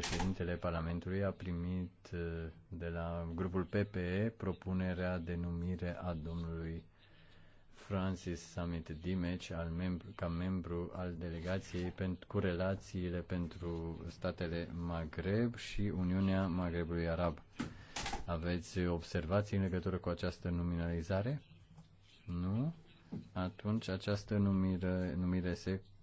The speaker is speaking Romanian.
președintele Parlamentului a primit uh, de la grupul PPE propunerea de numire a domnului Francis Summit Dimeci al membru, ca membru al delegației pentru, cu relațiile pentru statele Maghreb și Uniunea Maghrebului Arab. Aveți observații în legătură cu această nominalizare? Nu? Atunci această numire, numire se